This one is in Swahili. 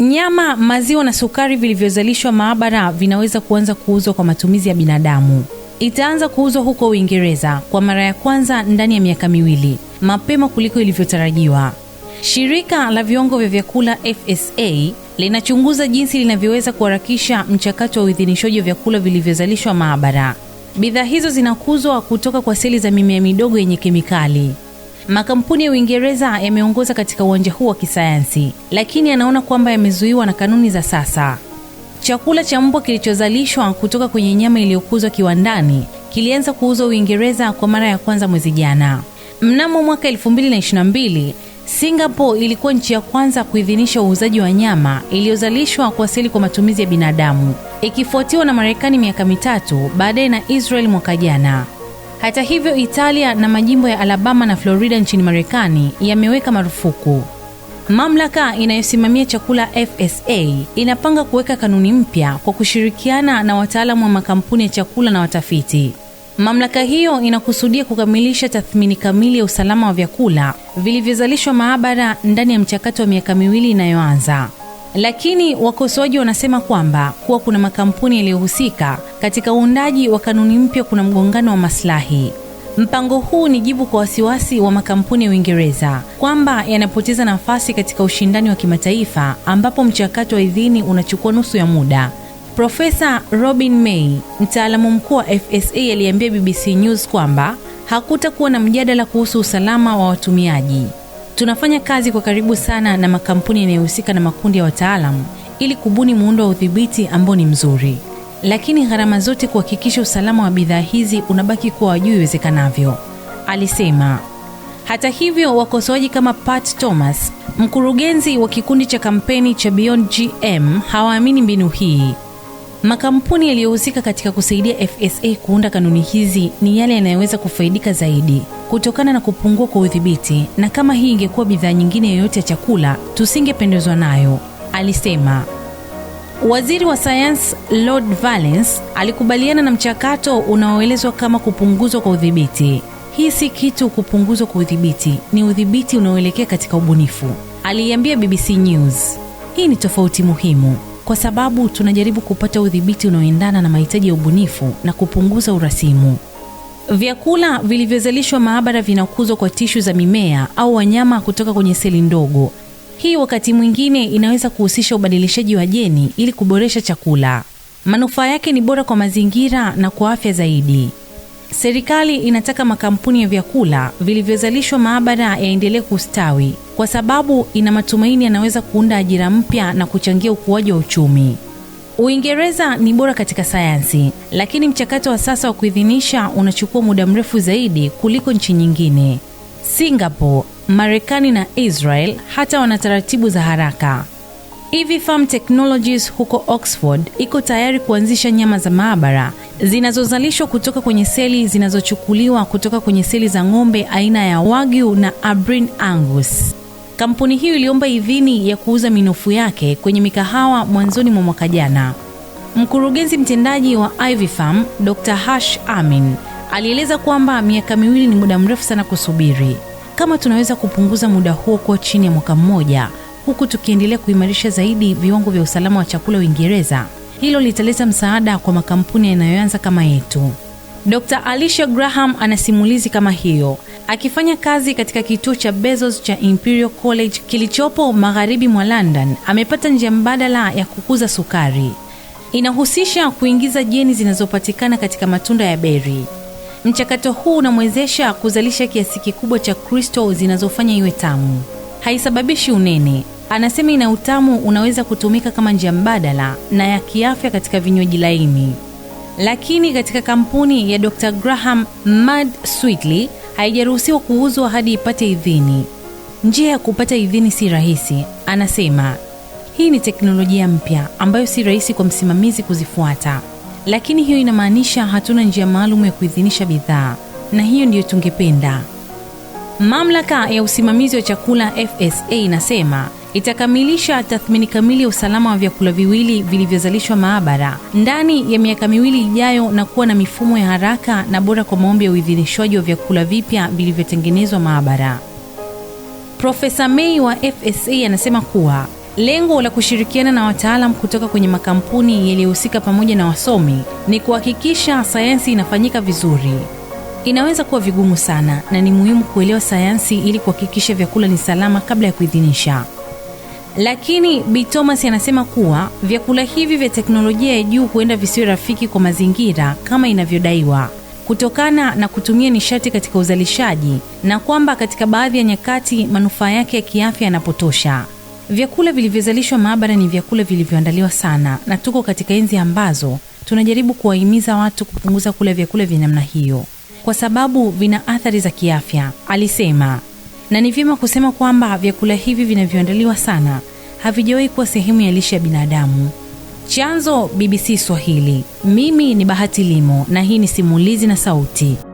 Nyama, maziwa na sukari vilivyozalishwa maabara vinaweza kuanza kuuzwa kwa matumizi ya binadamu. Itaanza kuuzwa huko Uingereza kwa mara ya kwanza ndani ya miaka miwili, mapema kuliko ilivyotarajiwa. Shirika la viwango vya vyakula FSA linachunguza jinsi linavyoweza kuharakisha mchakato wa uidhinishaji wa vyakula vilivyozalishwa maabara. Bidhaa hizo zinakuzwa kutoka kwa seli za mimea midogo yenye kemikali. Makampuni ya Uingereza yameongoza katika uwanja huu wa kisayansi, lakini anaona kwamba yamezuiwa na kanuni za sasa. Chakula cha mbwa kilichozalishwa kutoka kwenye nyama iliyokuzwa kiwandani kilianza kuuzwa Uingereza kwa mara ya kwanza mwezi jana. Mnamo mwaka 2022 Singapore ilikuwa nchi ya kwanza kuidhinisha uuzaji wa nyama iliyozalishwa kwa asili kwa matumizi ya binadamu, ikifuatiwa na Marekani miaka mitatu baadaye na Israel mwaka jana. Hata hivyo, Italia na majimbo ya Alabama na Florida nchini Marekani yameweka marufuku. Mamlaka inayosimamia chakula FSA inapanga kuweka kanuni mpya kwa kushirikiana na wataalamu wa makampuni ya chakula na watafiti. Mamlaka hiyo inakusudia kukamilisha tathmini kamili ya usalama wa vyakula vilivyozalishwa maabara ndani ya mchakato wa miaka miwili inayoanza. Lakini wakosoaji wanasema kwamba kuwa kuna makampuni yaliyohusika katika uundaji wa kanuni mpya kuna mgongano wa maslahi. Mpango huu ni jibu kwa wasiwasi wa makampuni ya Uingereza kwamba yanapoteza nafasi katika ushindani wa kimataifa ambapo mchakato wa idhini unachukua nusu ya muda. Profesa Robin May, mtaalamu mkuu wa FSA, aliambia BBC News kwamba hakutakuwa na mjadala kuhusu usalama wa watumiaji. Tunafanya kazi kwa karibu sana na makampuni yanayohusika na makundi ya wataalamu ili kubuni muundo wa udhibiti ambao ni mzuri, lakini gharama zote kuhakikisha usalama wa bidhaa hizi unabaki kuwa juu iwezekanavyo, alisema. Hata hivyo, wakosoaji kama Pat Thomas, mkurugenzi wa kikundi cha kampeni cha Beyond GM, hawaamini mbinu hii. Makampuni yaliyohusika katika kusaidia FSA kuunda kanuni hizi ni yale yanayoweza kufaidika zaidi kutokana na kupungua kwa udhibiti, na kama hii ingekuwa bidhaa nyingine yoyote ya chakula tusingependezwa nayo, alisema. Waziri wa Sayansi Lord Valence alikubaliana na mchakato unaoelezwa kama kupunguzwa kwa udhibiti. Hii si kitu kupunguzwa kwa udhibiti, ni udhibiti unaoelekea katika ubunifu, aliiambia BBC News. Hii ni tofauti muhimu kwa sababu tunajaribu kupata udhibiti unaoendana na mahitaji ya ubunifu na kupunguza urasimu. Vyakula vilivyozalishwa maabara vinakuzwa kwa tishu za mimea au wanyama kutoka kwenye seli ndogo. Hii wakati mwingine inaweza kuhusisha ubadilishaji wa jeni ili kuboresha chakula. Manufaa yake ni bora kwa mazingira na kwa afya zaidi. Serikali inataka makampuni ya vyakula vilivyozalishwa maabara yaendelee kustawi kwa sababu ina matumaini yanaweza kuunda ajira mpya na kuchangia ukuaji wa uchumi. Uingereza ni bora katika sayansi, lakini mchakato wa sasa wa kuidhinisha unachukua muda mrefu zaidi kuliko nchi nyingine. Singapore, Marekani na Israel hata wana taratibu za haraka. Farm Technologies huko Oxford iko tayari kuanzisha nyama za maabara zinazozalishwa kutoka kwenye seli zinazochukuliwa kutoka kwenye seli za ng'ombe aina ya Wagyu na abrin Angus. Kampuni hiyo iliomba idhini ya kuuza minofu yake kwenye mikahawa mwanzoni mwa mwaka jana. Mkurugenzi mtendaji wa Farm, Dr. Hash Amin, alieleza kwamba miaka miwili ni muda mrefu sana kusubiri. Kama tunaweza kupunguza muda huo kuwa chini ya mwaka mmoja huku tukiendelea kuimarisha zaidi viwango vya usalama wa chakula Uingereza. Hilo litaleta msaada kwa makampuni yanayoanza kama yetu. Dr. Alicia Graham anasimulizi kama hiyo akifanya kazi katika kituo cha Bezos cha Imperial College kilichopo magharibi mwa London. Amepata njia mbadala ya kukuza sukari, inahusisha kuingiza jeni zinazopatikana katika matunda ya beri. Mchakato huu unamwezesha kuzalisha kiasi kikubwa cha kristo zinazofanya iwe tamu, haisababishi unene. Anasema ina utamu unaweza kutumika kama njia mbadala na ya kiafya katika vinywaji laini. Lakini katika kampuni ya Dr. Graham Mad Sweetly haijaruhusiwa kuuzwa hadi ipate idhini. Njia ya kupata idhini si rahisi, anasema. Hii ni teknolojia mpya ambayo si rahisi kwa msimamizi kuzifuata, lakini hiyo inamaanisha hatuna njia maalum ya kuidhinisha bidhaa, na hiyo ndiyo tungependa. Mamlaka ya usimamizi wa chakula FSA inasema itakamilisha tathmini kamili ya usalama wa vyakula viwili vilivyozalishwa maabara ndani ya miaka miwili ijayo na kuwa na mifumo ya haraka na bora kwa maombi ya uidhinishwaji wa vyakula vipya vilivyotengenezwa maabara. Profesa mei wa FSA anasema kuwa lengo la kushirikiana na wataalam kutoka kwenye makampuni yaliyohusika pamoja na wasomi ni kuhakikisha sayansi inafanyika vizuri. Inaweza kuwa vigumu sana na ni muhimu kuelewa sayansi ili kuhakikisha vyakula ni salama kabla ya kuidhinisha. Lakini Bi Thomas anasema kuwa vyakula hivi vya teknolojia ya juu huenda visiwe rafiki kwa mazingira kama inavyodaiwa kutokana na kutumia nishati katika uzalishaji na kwamba katika baadhi ya nyakati manufaa yake ya kiafya yanapotosha. Vyakula vilivyozalishwa maabara ni vyakula vilivyoandaliwa sana, na tuko katika enzi ambazo tunajaribu kuwahimiza watu kupunguza kula vyakula vya namna hiyo kwa sababu vina athari za kiafya, alisema na ni vyema kusema kwamba vyakula hivi vinavyoandaliwa sana havijawahi kuwa sehemu ya lishe ya binadamu. Chanzo BBC Swahili. Mimi ni Bahati Limo na hii ni Simulizi na Sauti.